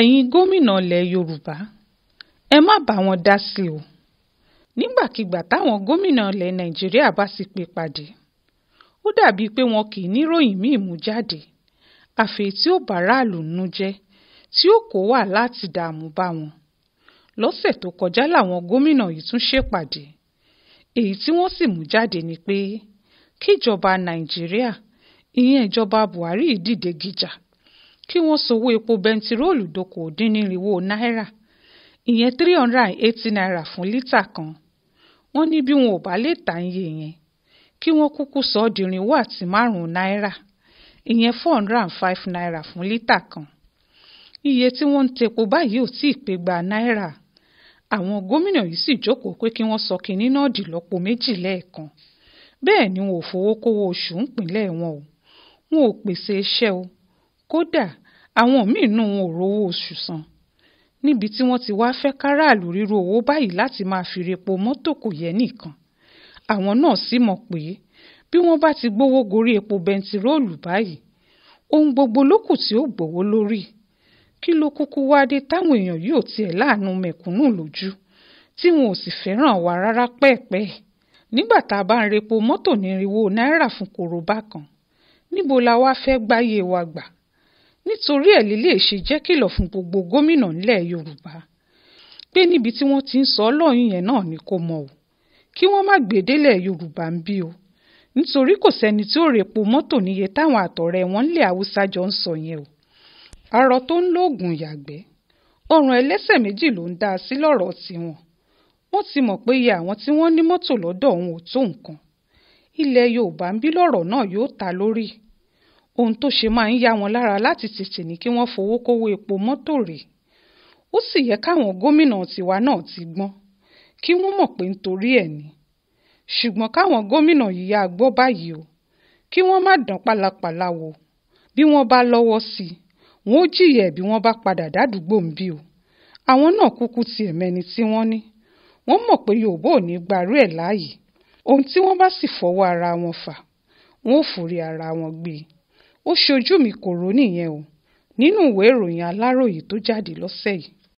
ẹ̀yin gómìnà ilẹ̀ yorùbá ẹ má bá wọn dá sí o nígbàkigbà táwọn gómìnà ilẹ̀ nàìjíríà bá sì pè pàdé ó dàbí pé wọn kì í níròyìn míì mú jáde àfi tí ó bàráàlú nú jẹ́ tí ó kó wà láti dààmú bá wọn lọ́sẹ̀ tó kọjá làwọn gómìnà yìí tún ṣèpàdé èyí tí wọ́n sì mú jáde ni pé kíjọba nàìjíríà ìyẹn ìjọba buhari dìde gìjà kí wọ́n sanwó epo bẹntiróòlù dókòó-dín-nírínwó náírà ìyẹn three hundred and eighty naira fún lítà kan wọ́n ní bí wọn ò bá lè tà ń yé yẹn kí wọ́n kúkú sọ ọ́ dìrìnwó àti márùn-ún náírà ìyẹn four hundred and five naira fún lítà kan iye tí wọ́n ń tepo báyìí ò tí ì pé gba náírà àwọn gómìnà yìí sì jókòó pé kí wọ́n sọ kinní náà di lọ́pọ̀ méjì lẹ́ẹ̀kan bẹ́ẹ̀ ni wọn ò fowó kówó oṣù ńpínlẹ̀ wọn o wọn ò pèsè iṣẹ́ o kódà àwọn míín nù wọn ò rówó oṣù san níbi tí wọ́n ti wáá fẹ́ káràlú rírú owó báyìí láti máa fi repo mọ́tò kò yẹ nìkan àwọn náà sì mọ̀ pé bí wọ́n bá ti gbówó gorí epo bẹntiróòlù báyìí ohun gbogbo ló kù tí ó gbówó lórí kí ló kúkú wáá dé táwọn èèyàn yóò tiẹ̀ láàánú mẹ̀kúnnù lójú tí wọn ò sì fẹ́ràn wa rárá pẹ́ẹ̀pẹ́ nígbà tá a bá ń repo mọ́tò nírínwó náírà fún koroba kan níbo la wá fẹ́ gbáyé wa gbà nítorí ẹ̀ lílẹ̀ ṣe jẹ́ kìlọ̀ fún gbogbo gómìnà nílẹ̀ yorùbá pé níbi tí wọ́n ti ń sọ lọ́yún yẹn náà ni kò mọ̀ o kí wọ́n má gbé délẹ̀ yorùbá ń bí o nítorí kò sẹ́ni tí ó rèpo mọ́tò níye táwọn àtọ̀rẹ́ wọn nílẹ̀ haúsá jọ ń sọ yẹn o arọ tó ń lóògùn yàgbẹ́ ọrùn ẹlẹ́sẹ̀ méjì ló ń dá a sí lọ́rọ̀ tiwọn wọ́n ti mọ̀ pé iye àwọn tí wọ́n ní mọ́tò lọ́dọ̀ òun ò tó nǹkan ilẹ̀ yorùbá ń bí lọ́rọ̀ náà yóò ta lórí ohun tó ṣe máa ń yá wọn lára láti tètè ní kí wọ́n fowó kówó epo mọ́tò rè ó sì yẹ káwọn gómìnà tiwa náà ti gbọ́n kí wọ́n mọ̀ pé nítorí ẹ̀ ni ṣùgbọ́n káwọn gómìnà yìí yáa gbọ́ báyìí o kí wọ́n má dán pálapàla wò bí wọ́n bá lọ́wọ́ sí i wọ́n ó jìyà bí wọ́n bá padà dádùúgbò ń bí o àwọn náà kúkú ti ẹ̀mẹ́ni tí wọ́n ní wọ́n mọ̀ pé Yorùbá ò ní gbarú ẹ̀ láàyè ohun tí wọ́n bá sì fọwọ́ ara wọn fà wọ́n ò forí ara wọn gbé e ó ṣojú mi kò rò nìyẹn o nínú ìwé ìròyìn aláròye tó jáde lọ́sẹ̀ yìí